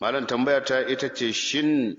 malam tambaya ta ita ce shin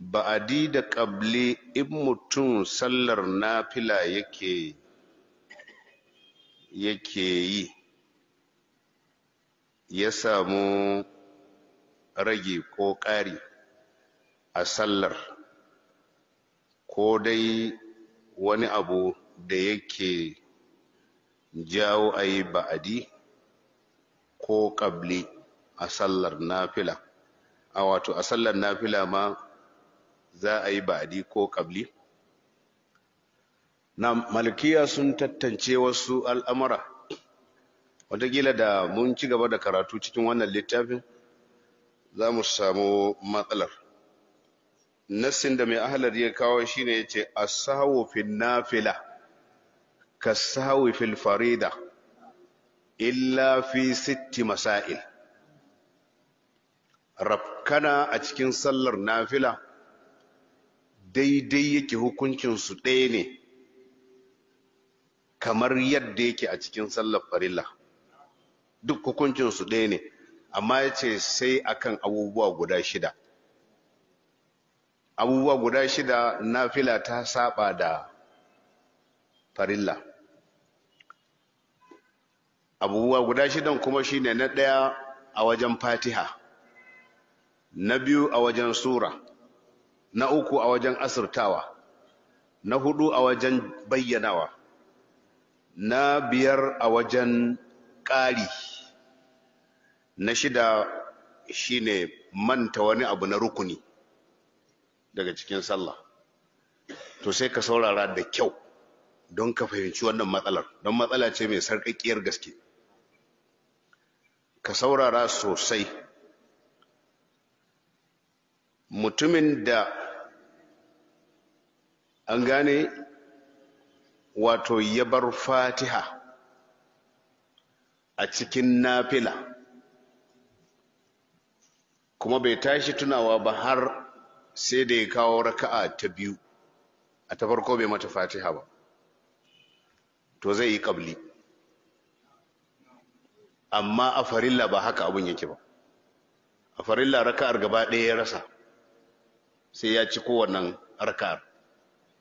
ba'adi da ƙabli in mutum sallar nafila yake yake yi ya samu rage ko ƙari a sallar ko dai wani abu da yake jawo a yi ba'adi ko ƙabli a sallar nafila a wato a sallar nafila ma za a yi baɗi ko ƙabli na malkiya sun tattance wasu al'amura watakila da mun ci gaba da karatu cikin wannan littafin za mu samu matsalar nassin da mai ahalar ya kawo shi ne ya ce a sawufin nafila ka sawo farida illa fi sitti masail rafkana a cikin sallar nafila daidai yake hukuncinsu ɗaya ne kamar yadda yake a cikin sallar farilla duk hukuncinsu ɗaya ne amma ya ce sai akan abubuwa guda shida abubuwa guda shida nafila ta saba da farilla abubuwa guda shidan kuma shine na ɗaya a wajen fatiha na biyu a wajen sura na uku a wajen asirtawa na hudu a wajen bayyanawa na biyar a wajen ƙari na shida shine manta wani abu na rukuni daga cikin sallah to sai ka saurara da kyau don ka fahimci wannan matsalar don matsala ce mai sarƙaƙƙiyar gaske ka saurara sosai mutumin da an gane wato ya bar fatiha a cikin nafila kuma bai tashi tunawa ba har sai da ya kawo raka'a ta biyu a ta farko bai mata fatiha ba to zai yi kabli amma a farilla ba haka abin yake ba a farilla raka'ar gaba ɗaya ya rasa sai ya ci kowannan raka'ar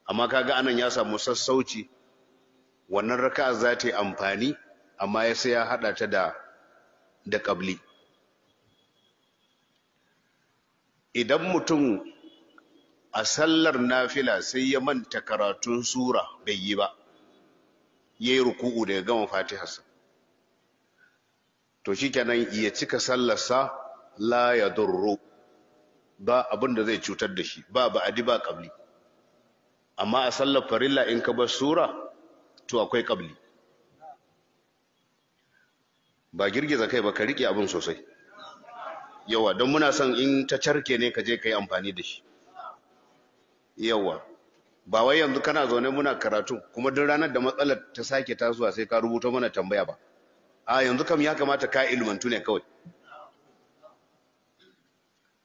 amma kaga anan ya samu sassauci wannan raka'a za ta yi amfani amma ya sai ya haɗa ta da da ƙabli idan mutum a sallar nafila sai ya manta karatun sura bai yi ba ya yi ruku'u daga gama fatihasa to shi kenan ya cika sallarsa la ya durru ba abin da zai cutar da shi ba adi ba qabli amma a sallar farilla in ka bar sura to akwai qabli ba girgiza kai ba ka rike abin sosai yawa don muna son in ta carke ne ka je ka yi amfani da shi yawa ba wai yanzu kana zaune muna karatu kuma duk ranar da matsalar ta sake tasowa sai ka rubuta mana tambaya ba a yanzu kam ya kamata ka ilmantu ne kawai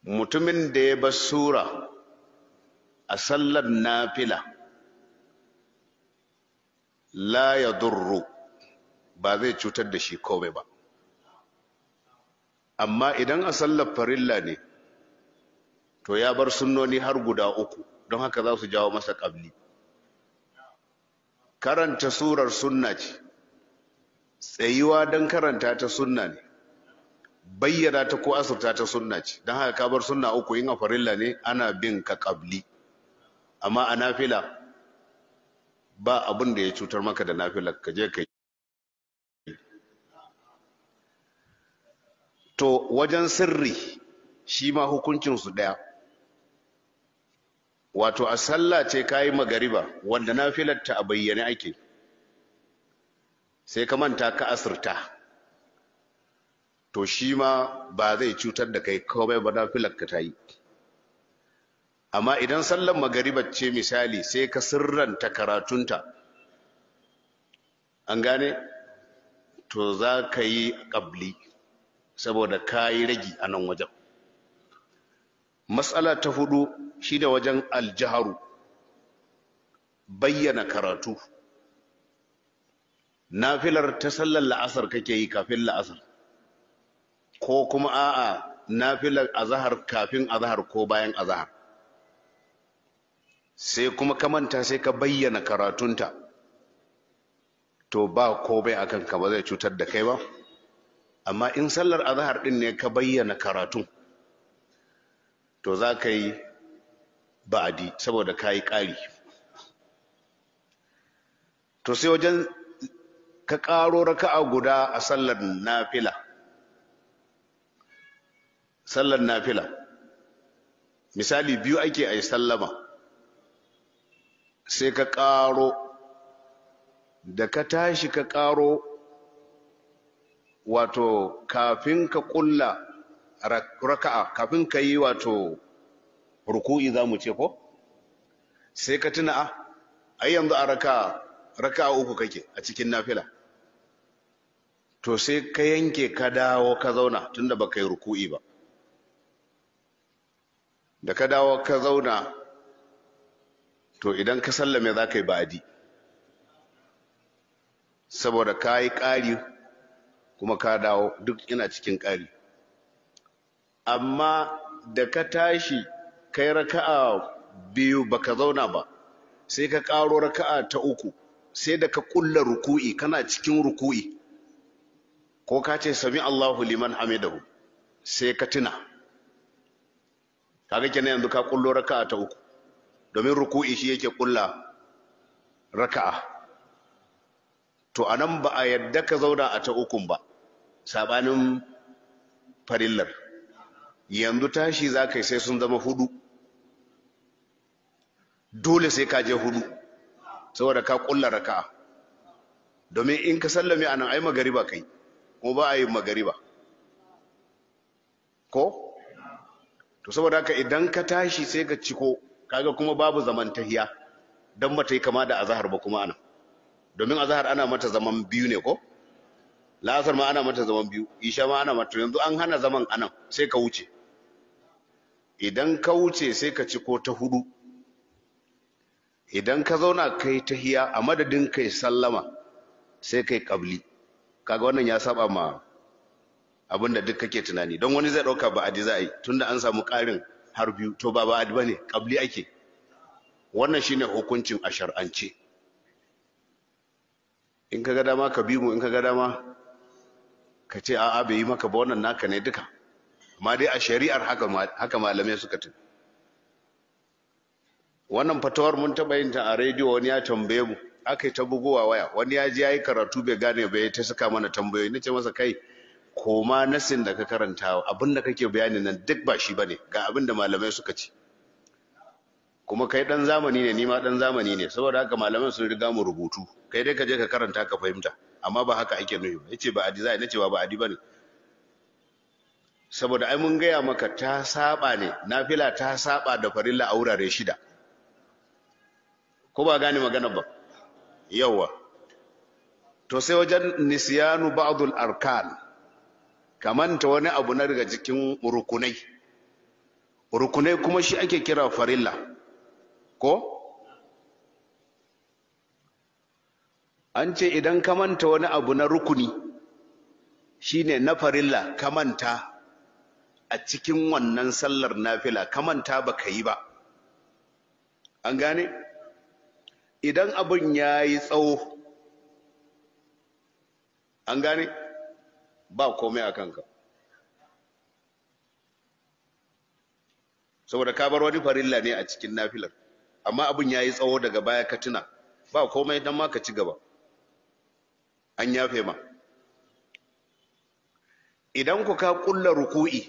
mutumin da ya bar sura a sallar nafila la ya durru ba zai cutar da shi kome ba amma idan a sallar farilla ne to ya bar sunnoni har guda uku don haka za su jawo masa ƙabli karanta surar sunna ce tsayuwa don karanta ta sunna ne bayyana ta ko asirta ta sunna ce don haka kabar sunna uku yin a ne ana bin ka ƙabli amma a nafila ba abin da ya cutar maka da nafila ka je ka yi to wajen sirri shi ma hukuncinsu ɗaya wato a sallah ce ka yi magariba wanda nafilar ta a bayyane ake sai ka manta ka asirta to shi ma ba zai cutar da kai kawai ba na ka ta yi amma idan sallan magaribar ce misali sai ka sirranta karatunta an gane to za ka yi ƙabli saboda ka yi ragi a nan wajen matsala ta hudu shi da wajen aljiharu bayyana karatu nafilar ta sallar la'asar kake yi kafin la'asar ko kuma a'a nafilar azahar kafin azahar ko bayan azahar sai kuma ka manta sai ka bayyana karatunta to ba ko bai a kanka ba zai cutar da kai ba amma in sallar azahar din ne ka bayyana karatun to za ka yi ba'adi saboda ka yi ƙari to sai wajen ka ƙaro raka'a guda a sallar nafila sallar nafila misali biyu ake a yi sallama sai ka ƙaro da ka tashi ka ƙaro wato kafin ka ƙulla raka'a kafin ka yi wato ruku'i za mu ce ko sai ka tuna a ah, ai yanzu a raka'a raka'a uku kake a cikin nafila to sai ka yanke ka dawo ka zauna tunda baka yi ruku'i ba da ka dawo ka zauna to idan ka sallame za ka yi ba'adi saboda ka yi ƙari kuma ka dawo duk ina cikin ƙari amma da ka tashi kai raka'a biyu ba ka zauna ba sai ka ƙaro raka'a ta uku sai da ka ƙulla ruku'i kana cikin ruku'i ko ka ce sami Allahu liman hamidahu sai ka tuna kaga kenan yanzu ka kullo raka'a ta uku domin ruku'i shi yake kulla raka'a to anan ba a yadda ka zauna a ta ukun ba sabanin farillar yanzu tashi za ka yi sai sun zama hudu dole sai ka je hudu saboda ka kulla raka'a domin in ka sallame anan ai magariba kai ko ba a yi magariba ko to saboda haka idan ka tashi sai ka ciko kaga kuma babu zamantahiya dan mata yi kama da azahar ba kuma ana domin azahar ana mata zaman biyu ne ko la'asar ma ana mata zaman biyu isha ma ana mata yanzu an hana zaman anan sai ka wuce idan ka wuce sai ka ciko ta hudu idan ka zauna kai tahiya a madadin kai sallama sai kai kabli kaga wannan ya saba ma Abin da duk kake tunani don wani zai dauka a za a yi tunda an samu karin har biyu to ba ba ne kabli ake wannan shine hukuncin a shar'ance in ka ga dama ka bi mu in ka ga dama ka ce a'a bai yi maka ba wannan naka ne duka amma dai a shari'ar haka malamai suka tafi wannan fatawar mun taɓa yin ta a rediyo wani ya tambaye mu aka yi ta bugowa waya wani ya ji ya yi karatu bai gane bai ta saka mana tambayoyi na ce masa kai koma nasin da ka karanta abin da kake bayani nan duk ba shi bane ga abin da malamai suka ce kuma kai dan zamani ne ni ma dan zamani ne saboda haka malaman sun riga mu rubutu kai dai ka je ka karanta ka fahimta amma ba haka ake nufi ba yace ba adi zai na ba ba adi bane saboda ai mun gaya maka ta saba ne nafila ta saba da farilla a wurare shida ko ba gane magana ba yawa to sai wajen nisyanu ba'dul arkan ka manta wani abu na daga cikin rukunai rukunai kuma shi ake kira farilla ko an ce idan ka manta wani abu na rukuni shine na farilla ka manta a cikin wannan sallar nafila ka manta baka yi ba an gane idan abin ya yi tsawo an gane ba komai a kanka saboda ka bar wani farilla ne a cikin nafilar amma abin ya yi tsawo daga baya ka tuna ba komai don ma ka ci gaba an yafe ma idan ku ka kulla ruku'i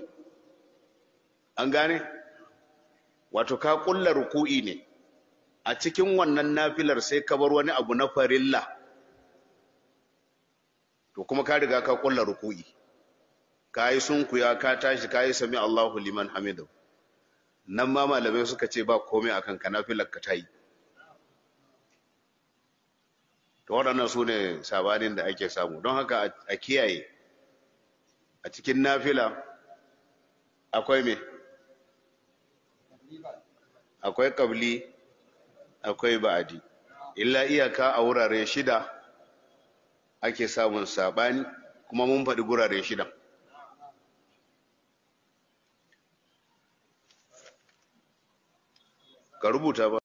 an gane wato ka kulla ruku'i ne a cikin wannan nafilar sai ka bar wani abu na farilla to kuma ka riga ka kulla ruku'i ka yi sunkuya ka tashi ka yi sami Allahu liman hamidu nan ma malamai suka ce ba komai akan kanafilar ka ta yi to waɗannan su ne sabanin da ake samu don haka a kiyaye a cikin nafila akwai me akwai kabli akwai ba'adi illa iyaka a wurare shida ake samun saɓani kuma mun faɗi guraren shida. ka rubuta ba